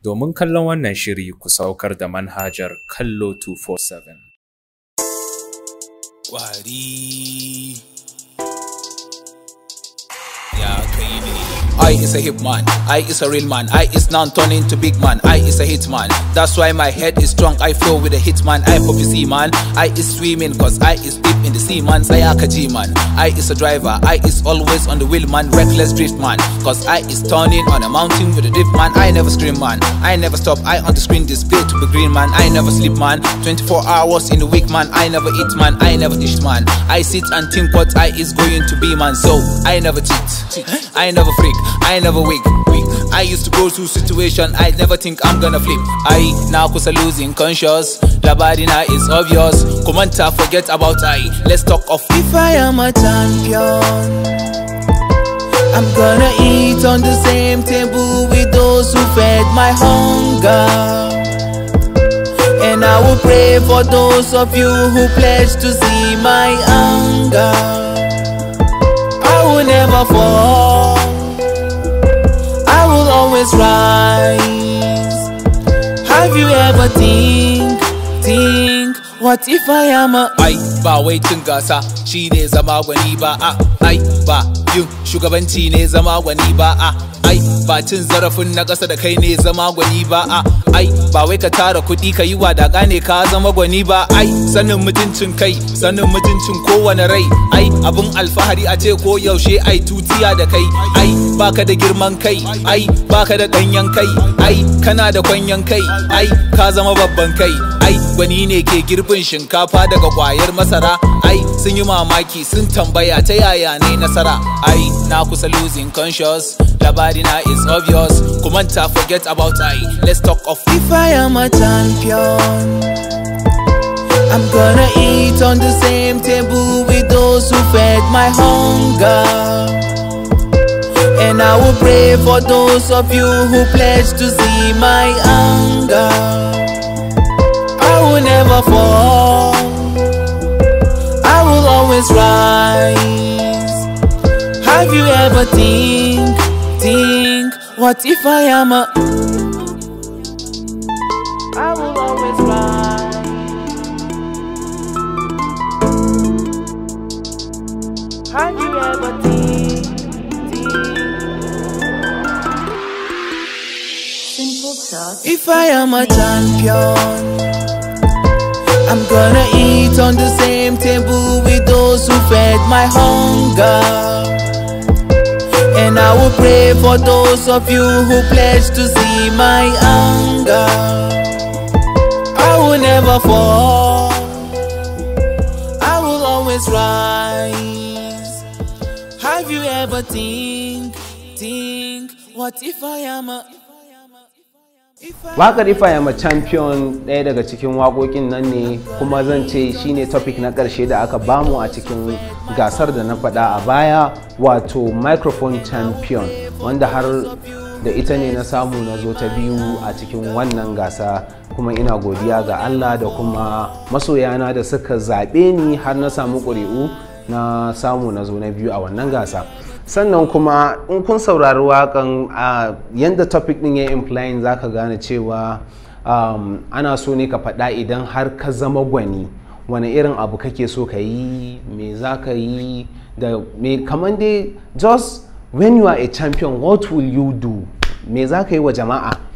Domin kallon wannan shiri ku saukar da manhajar Kallo 247. Ƙwari. I is a hip man, I is a real man, I is now turning to big man, I is a hit man. That's why my head is strong, I flow with a hit man, I pop prophecy man, I is swimming, cause I is deep in the sea man, Sayaka G man, I is a driver, I is always on the wheel man, reckless drift man, cause I is turning on a mountain with a drift man, I never scream man, I never stop, I on the screen display to be green man, I never sleep man, 24 hours in the week man, I never eat man, I never dish man, I sit and think what I is going to be man, so I never cheat, I never freak. I never wake. I used to go through situation I never think I'm gonna flip. I now cause I losing conscious. The body now is obvious. Commenter, forget about I. Let's talk of if I am a champion. I'm gonna eat on the same table with those who fed my hunger. And I will pray for those of you who pledge to see my anger. always rise. Have you ever think, think, what if I am a Ai ba wai cin gasa shi ne zama gwani ba a Ai ba yin shugabanci ne zama gwani ba Ai ba cin zarafin na ƙasa da kai ne zama gwani ba a Ai ba wai ka tara kuɗi ka yi wadaka ne ka zama gwani ba ai sanin mutuncin kai sanin mutuncin kowane rai ai abin alfahari a ce ko yaushe ai tutiya da kai ai baka da girman kai ai baka da ɗanyen kai ai kana da kwanyen kai ai ka zama babban kai ai gwani ne ke girbin shinkafa daga kwayar masara ai sun yi mamaki sun tambaya ta yaya ne nasara ai na kusa losing conscious Labarina is obvious. Kumanta, forget about I. Let's talk of. If I am a champion. I'm gonna eat on the same table with those who fed my hunger. And I will pray for those of you who pledge to see my anger. I will never fall, I will always rise. Have you ever think think, what if I am a. I will always fly. you ever think, Simple If I am a champion. I'm gonna eat on the same table with those who fed my hunger. And I will pray for those of you who pledge to see my anger. I will never fall, I will always rise. Have you ever think, think, what if I am a Waƙar Ifa ya ma champion ɗaya daga cikin waƙoƙin nan ne kuma zan ce shine topic na ƙarshe da aka bamu a cikin gasar da na faɗa a baya wato microphone champion wanda har da ita ne na samu na zo ta biyu a cikin wannan gasa kuma ina godiya ga Allah da kuma masoyana da suka zaɓe ni har na samu ƙuri'u na samu na zo na biyu a wannan gasa. sannan kuma in kun saurari wakan a yadda topic din ya implying za ka gane cewa um, ana so ne ka faɗa idan har ka zama gwani wani irin abu kake so ka yi me za ka yi da me kamar dai just when you are a champion what will you do me za ka yi wa jama'a